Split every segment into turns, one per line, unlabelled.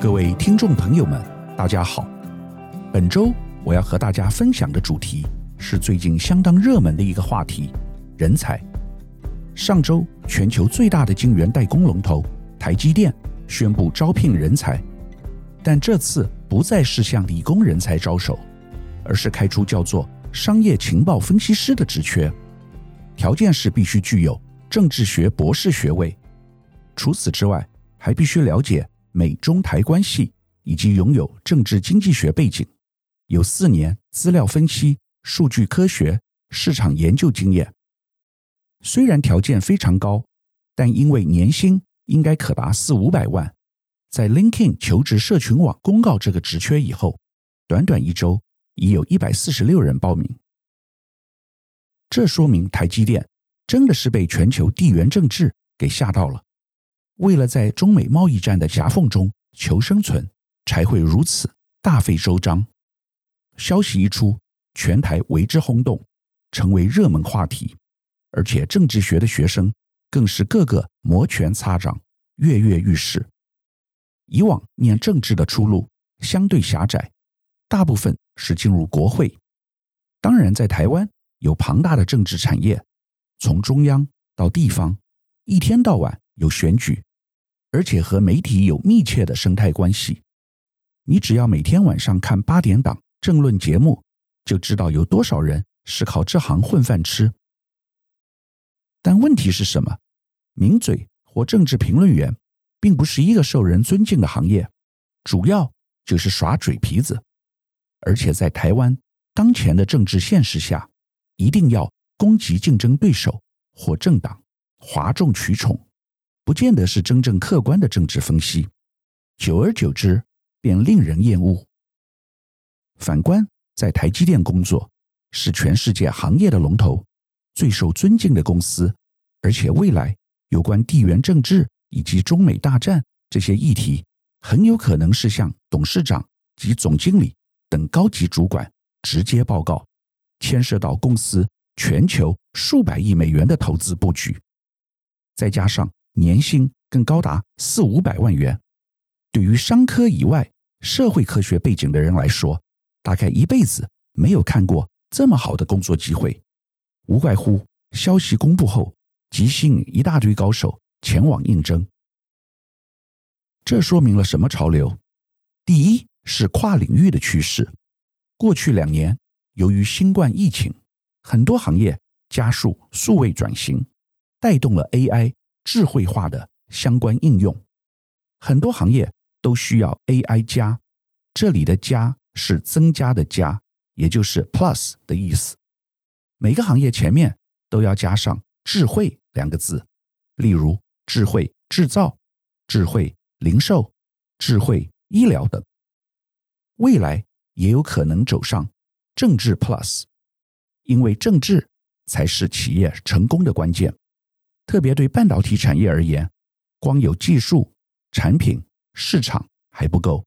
各位聽眾朋友們，大家好。本周我要和大家分享的主題是最近相當熱門的一個話題——人才。上周，全球最大的晶圓代工龍頭台積電宣布招聘人才，但這次不再是向理工人才招手，而是開出叫做“商業情報分析師”的職缺，條件是必須具有政治學博士學位。除此之外，還必須了解。美中台關係，以及擁有政治經濟學背景，有四年資料分析、數據科學、市場研究經驗。雖然條件非常高，但因為年薪應該可達四五百萬，在 LinkedIn 求職社群網公告這個職缺以後，短短一周已有一百四十六人報名。這說明台積電真的是被全球地緣政治給嚇到了。為了在中美貿易戰的夾縫中求生存，才會如此大費周章。消息一出，全台為之轟動，成為熱門話題。而且政治學的學生更是個個摩拳擦掌，躍躍欲試。以往念政治的出路相對狹窄，大部分是進入國會。當然，在台灣有龐大的政治產業，從中央到地方，一天到晚有選舉。而且和媒體有密切的生態關係，你只要每天晚上看八點檔政論節目，就知道有多少人是靠這行混飯吃。但問題是什麼？名嘴或政治評論員並不是一個受人尊敬的行業，主要就是耍嘴皮子，而且在台灣當前的政治現實下，一定要攻擊競爭對手或政黨，譁眾取寵。不見得是真正客觀的政治分析，久而久之便令人厭惡。反觀在台積電工作，是全世界行業的龍頭，最受尊敬的公司，而且未來有關地緣政治以及中美大戰這些議題，很有可能是向董事長及總經理等高級主管直接報告，牽涉到公司全球數百億美元的投資布局，再加上，年薪更高達四五百萬元，對於商科以外社會科學背景的人來說，大概一輩子沒有看過這麼好的工作機會。無怪乎消息公布後，即吸引一大堆高手前往應徵。這說明了什麼潮流？第一是跨領域的趨勢。過去兩年，由於新冠疫情，很多行業加速數位轉型，帶動了 AI。智慧化的相關應用，很多行業都需要 AI 加，這裡的加是增加的加，也就是 plus 的意思。每個行業前面都要加上“智慧”兩個字，例如智慧製造、智慧零售、智慧醫療等。未來也有可能走上政治 plus，因為政治才是企業成功的關鍵。特別對半導體產業而言，光有技術、產品、市場還不夠，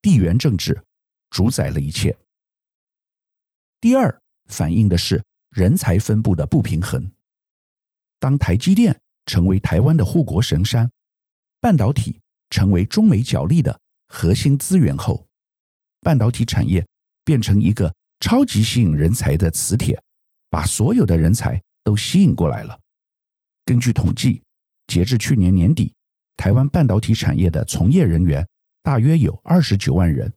地緣政治主宰了一切。第二，反映的是人才分布的不平衡。當台積電成為台灣的護國神山，半導體成為中美角力的核心資源後，半導體產業變成一個超級吸引人才的磁鐵，把所有的人才都吸引過來了。根據統計，截至去年年底，台灣半導體產業的從業人員大約有二十九萬人。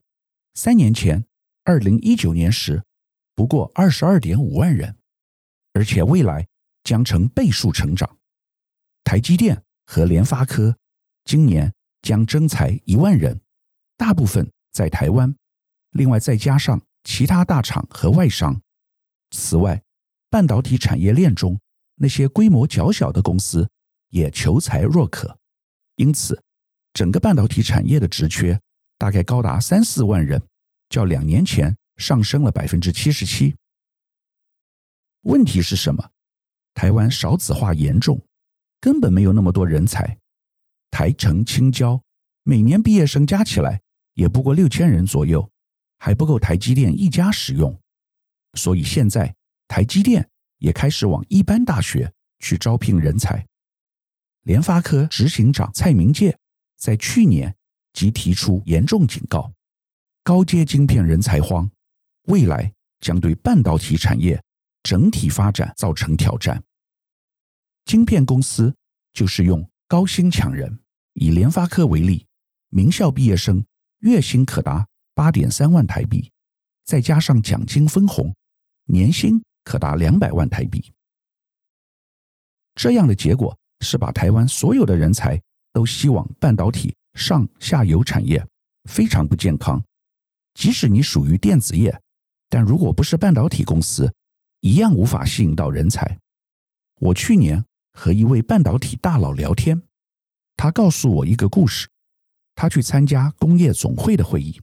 三年前，二零一九年時，不過二十二點五萬人，而且未來將成倍數成長。台積電和聯發科今年將徵才一萬人，大部分在台灣，另外再加上其他大廠和外商。此外，半導體產業鏈中，那些規模較小的公司也求才若渴，因此整個半導體產業的職缺大概高達三四萬人，較兩年前上升了百分之七十七。問題是什麼？台灣少子化嚴重，根本沒有那麼多人才。台成清交每年畢業生加起來也不過六千人左右，還不夠台積電一家使用。所以現在台積電。也開始往一般大學去招聘人才。聯發科執行長蔡明介在去年即提出嚴重警告：高階晶片人才荒，未來將對半導體產業整體發展造成挑戰。晶片公司就是用高薪搶人，以聯發科為例，名校畢業生月薪可達八點三萬台幣，再加上獎金分紅，年薪，可達兩百萬台幣。這樣的結果是把台灣所有的人才都吸往半導體上下游產業，非常不健康。即使你屬於電子業，但如果不是半導體公司，一樣無法吸引到人才。我去年和一位半導體大佬聊天，他告訴我一個故事，他去參加工業總會的會議，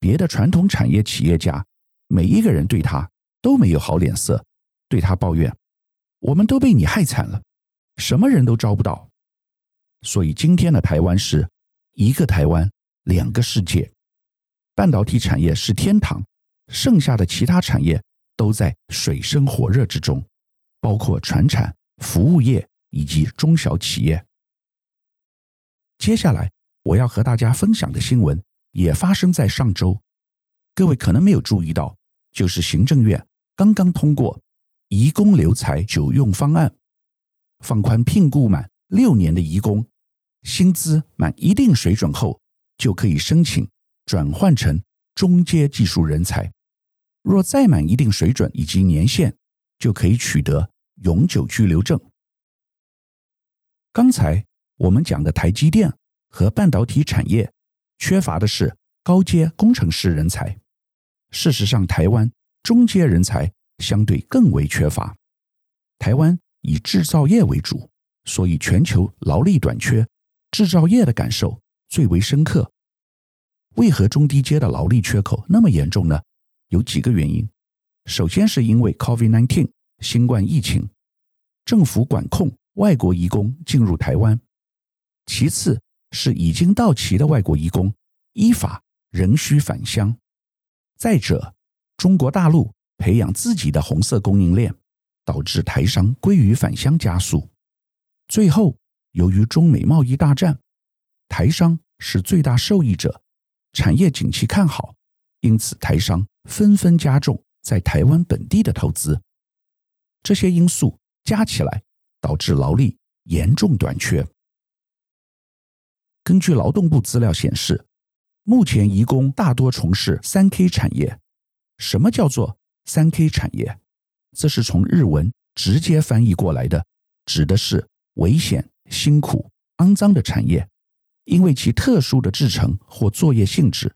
別的傳統產業企業家每一個人對他。都沒有好臉色，對他抱怨：“我們都被你害慘了，什麼人都招不到。”所以今天的台灣是“一個台灣，兩個世界”，半導體產業是天堂，剩下的其他產業都在水深火熱之中，包括傳產、服務業以及中小企業。接下來我要和大家分享的新聞也發生在上周，各位可能沒有注意到，就是行政院。剛剛通過“移工留才久用方案”，放寬聘雇滿六年的移工，薪資滿一定水準後就可以申請轉換成中階技術人才。若再滿一定水準以及年限，就可以取得永久居留證。剛才我們講的台積電和半導體產業缺乏的是高階工程師人才。事實上，台灣。中階人才相對更為缺乏，台灣以製造業為主，所以全球勞力短缺，製造業的感受最為深刻。為何中低階的勞力缺口那麼嚴重呢？有幾個原因，首先是因為 COVID-19 新冠疫情，政府管控外國移工進入台灣；其次，是已經到期的外國移工依法仍需返鄉；再者。中國大陸培養自己的紅色供應鏈，導致台商鮭魚返鄉加速。最後，由於中美貿易大戰，台商是最大受益者，產業景氣看好，因此台商紛紛加重在台灣本地的投資。這些因素加起來，導致勞力嚴重短缺。根據勞動部資料顯示，目前移工大多從事三 K 產業。什麼叫做三 K 產業？這是從日文直接翻譯過來的，指的是危險、辛苦、骯髒的產業。因為其特殊的製程、或作業性質，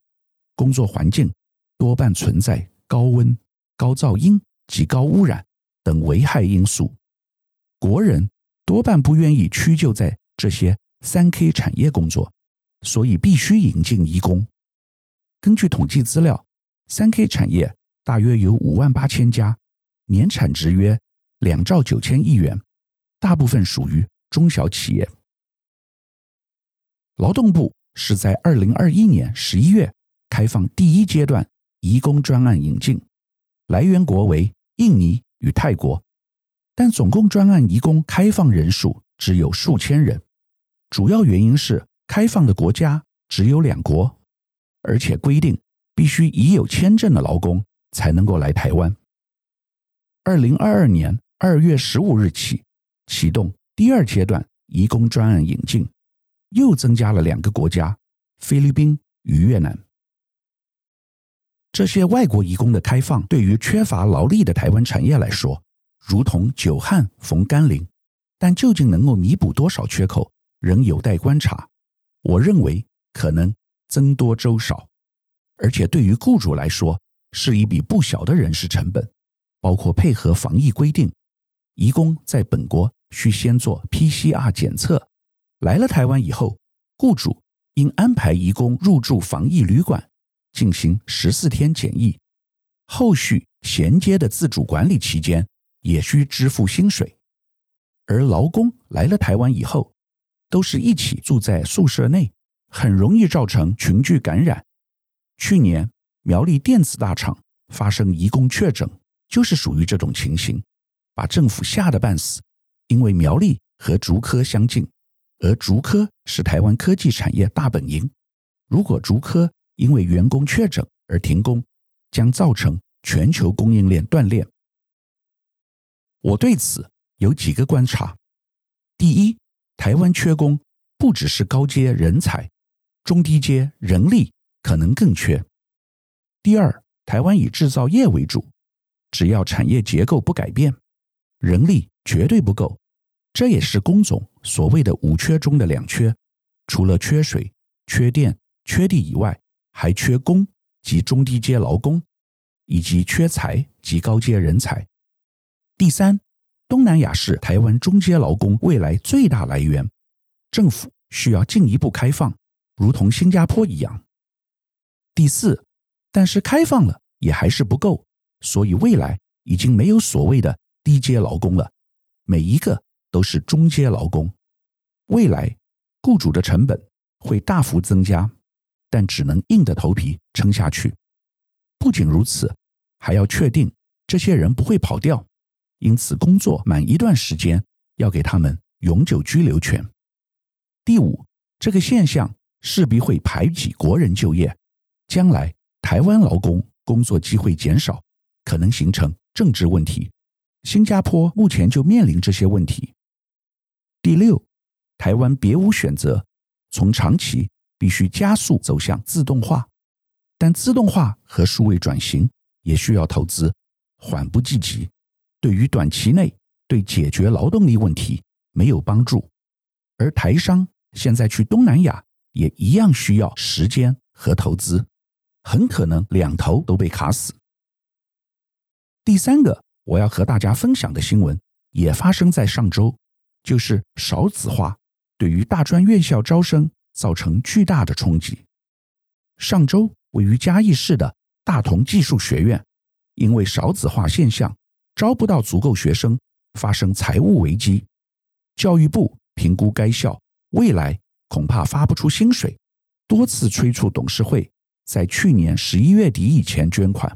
工作環境多半存在高溫、高噪音及高污染等危害因素。國人多半不願意屈就在這些三 K 產業工作，所以必須引進移工。根據統計資料，三 K 產業大約有五萬八千家，年產值約兩兆九千億元，大部分屬於中小企業。勞動部是在二零二一年十一月開放第一階段移工專案引進，來源國為印尼與泰國，但總共專案移工開放人數只有數千人，主要原因是開放的國家只有兩國，而且規定。必須已有簽證的勞工才能夠來台灣。二零二二年二月十五日起啟動第二階段移工專案引進，又增加了兩個國家：菲律賓與越南。這些外國移工的開放，對於缺乏勞力的台灣產業來說，如同久旱逢甘霖。但究竟能夠彌補多少缺口，仍有待觀察。我認為可能僧多粥少。而且對於雇主來說，是一筆不小的人事成本，包括配合防疫規定，移工在本國需先做 PCR 檢測，來了台灣以後，雇主應安排移工入住防疫旅館，進行十四天檢疫，後續銜接的自主管理期間也需支付薪水，而勞工來了台灣以後，都是一起住在宿舍內，很容易造成群聚感染。去年苗栗電子大廠發生移工確診，就是屬於這種情形，把政府嚇得半死。因為苗栗和竹科相近，而竹科是台灣科技產業大本營，如果竹科因為員工確診而停工，將造成全球供應鏈斷裂。我對此有幾個觀察：第一，台灣缺工，不只是高階人才，中低階人力。可能更缺。第二，台灣以製造業為主，只要產業結構不改變，人力絕對不夠。這也是工總所謂的五缺中的兩缺，除了缺水、缺電、缺地以外，還缺工及中低階勞工，以及缺才及高階人才。第三，東南亞是台灣中階勞工未來最大來源，政府需要進一步開放，如同新加坡一樣。第四，但是開放了也還是不夠，所以未來已經沒有所謂的低階勞工了，每一個都是中階勞工。未來，僱主的成本會大幅增加，但只能硬着頭皮撐下去。不僅如此，還要確定這些人不會跑掉，因此工作滿一段時間要給他們永久居留權。第五，這個現象勢必會排擠國人就業。將來台灣勞工工作機會減少，可能形成政治問題。新加坡目前就面臨這些問題。第六，台灣別無選擇，從長期必須加速走向自動化，但自動化和數位轉型也需要投資，緩不濟急，對於短期內對解決勞動力問題沒有幫助。而台商現在去東南亞也一樣需要時間和投資。很可能兩頭都被卡死。第三個我要和大家分享的新聞也發生在上周，就是少子化對於大專院校招生造成巨大的衝擊。上周，位於嘉義市的大同技術學院因為少子化現象，招不到足夠學生，發生財務危機。教育部評估該校未來恐怕發不出薪水，多次催促董事會。在去年十一月底以前捐款，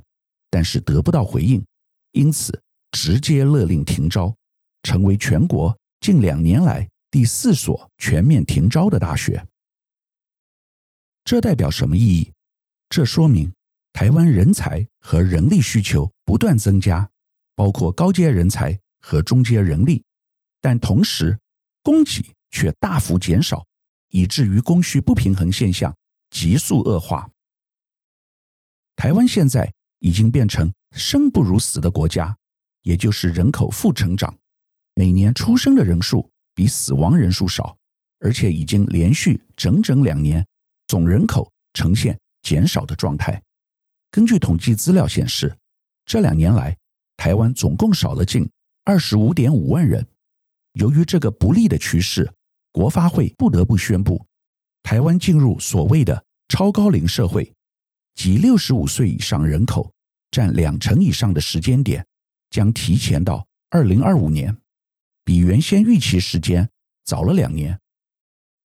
但是得不到回應，因此直接勒令停招，成為全國近兩年來第四所全面停招的大學。這代表什麼意義？這說明台灣人才和人力需求不斷增加，包括高階人才和中階人力，但同時供給卻大幅減少，以至於供需不平衡現象急速惡化。台灣現在已經變成生不如死的國家，也就是人口負成長，每年出生的人數比死亡人數少，而且已經連續整整兩年總人口呈現減少的狀態。根據統計資料顯示，這兩年來台灣總共少了近二十五點五萬人。由於這個不利的趨勢，國發會不得不宣布，台灣進入所謂的超高齡社會。即六十五歲以上人口占兩成以上的時間點，將提前到二零二五年，比原先預期時間早了兩年。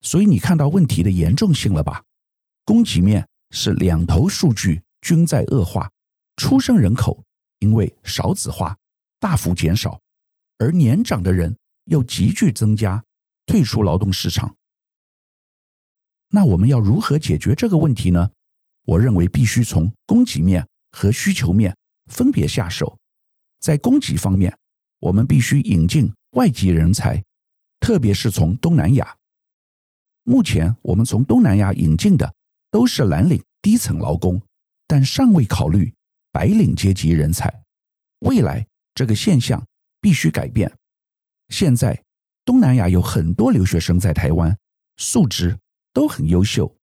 所以你看到問題的嚴重性了吧？供給面是兩頭數據均在惡化，出生人口因為少子化大幅減少，而年長的人又急劇增加，退出勞動市場。那我們要如何解決這個問題呢？我認為必須從供給面和需求面分別下手。在供給方面，我們必須引進外籍人才，特別是從東南亞。目前我們從東南亞引進的都是藍領低層勞工，但尚未考慮白領階級人才。未來這個現象必須改變。現在東南亞有很多留學生在台灣，素質都很優秀。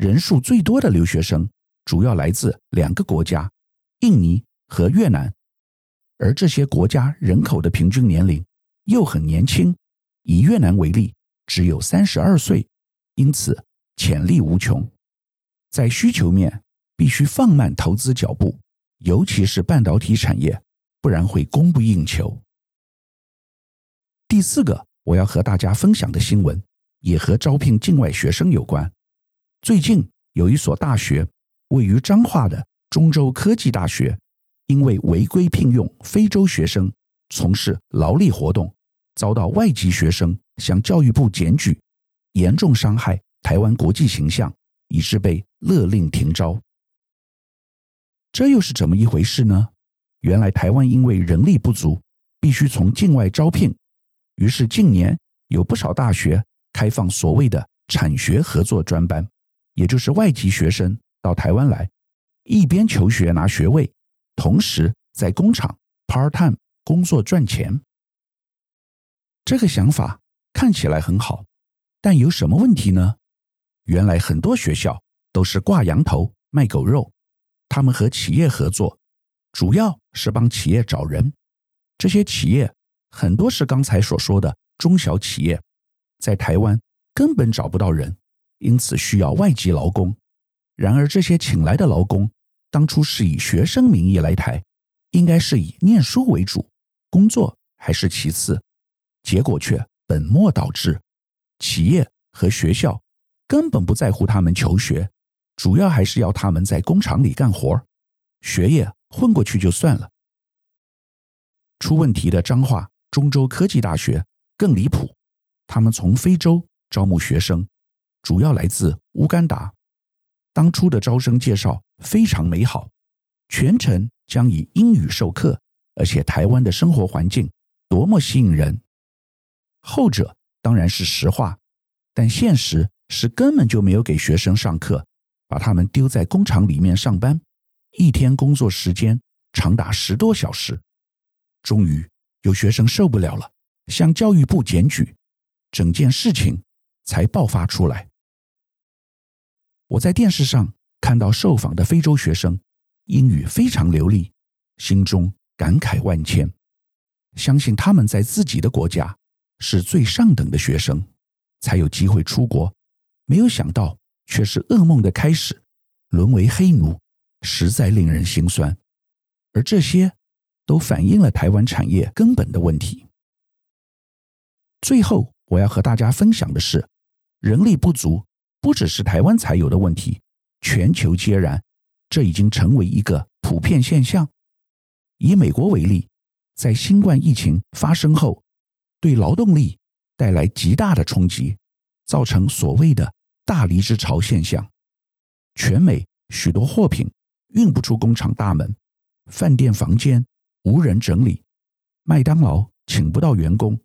人數最多的留學生主要來自兩個國家，印尼和越南，而這些國家人口的平均年齡又很年輕，以越南為例，只有三十二歲，因此潛力無窮。在需求面，必須放慢投資腳步，尤其是半導體產業，不然會供不應求。第四個我要和大家分享的新聞，也和招聘境外學生有關。最近有一所大學，位於彰化的中州科技大學，因為違規聘用非洲學生從事勞力活動，遭到外籍學生向教育部檢舉，嚴重傷害台灣國際形象，以致被勒令停招。這又是怎麼一回事呢？原來台灣因為人力不足，必須從境外招聘，於是近年有不少大學開放所謂的產學合作專班。也就是外籍學生到台灣來，一邊求學拿學位，同時在工廠 part-time 工作賺錢。這個想法看起來很好，但有什麼問題呢？原來很多學校都是掛羊頭賣狗肉，他們和企業合作，主要是幫企業找人。這些企業很多是剛才所說的中小企業，在台灣根本找不到人。因此需要外籍勞工，然而這些請來的勞工當初是以學生名義來台，應該是以念書為主，工作還是其次。結果卻本末倒置，企業和學校根本不在乎他們求學，主要還是要他們在工廠裡幹活，學業混過去就算了。出問題的彰化中州科技大學更離譜，他們從非洲招募學生。主要來自烏干達，當初的招生介紹非常美好，全程將以英語授課，而且台灣的生活環境多麼吸引人。後者當然是實話，但現實是根本就沒有給學生上課，把他們丟在工廠裡面上班，一天工作時間長達十多小時。終於有學生受不了了，向教育部檢舉，整件事情才爆發出來。我在電視上看到受訪的非洲學生，英語非常流利，心中感慨萬千。相信他們在自己的國家是最上等的學生，才有機會出國。沒有想到卻是噩夢的開始，淪為黑奴，實在令人心酸。而這些都反映了台灣產業根本的問題。最後，我要和大家分享的是，人力不足。不只是台灣才有的問題，全球皆然，這已經成為一個普遍現象。以美國為例，在新冠疫情發生後，對勞動力帶來極大的衝擊，造成所謂的“大離職潮”現象。全美許多貨品運不出工廠大門，飯店房間無人整理，麥當勞請不到員工，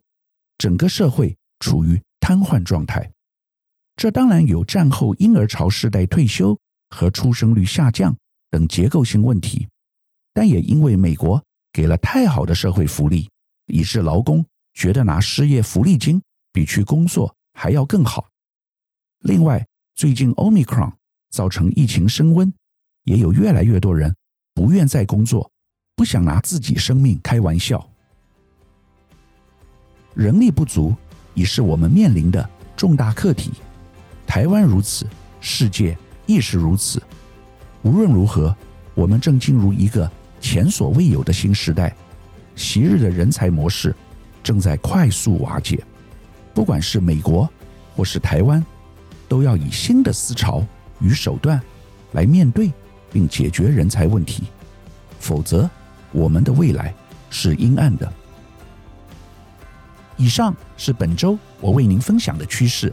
整個社會處於癱瘓狀態。這當然有戰後嬰兒潮世代退休和出生率下降等結構性問題，但也因為美國給了太好的社會福利，以致勞工覺得拿失業福利金比去工作還要更好。另外，最近 Omicron 造成疫情升溫，也有越來越多人不願再工作，不想拿自己生命開玩笑。人力不足已是我們面臨的重大課題。台灣如此，世界亦是如此。無論如何，我們正進入一個前所未有的新時代，昔日的人才模式正在快速瓦解。不管是美國，或是台灣，都要以新的思潮與手段來面對並解決人才問題，否則我們的未來是陰暗的。以上是本周我為您分享的趨勢。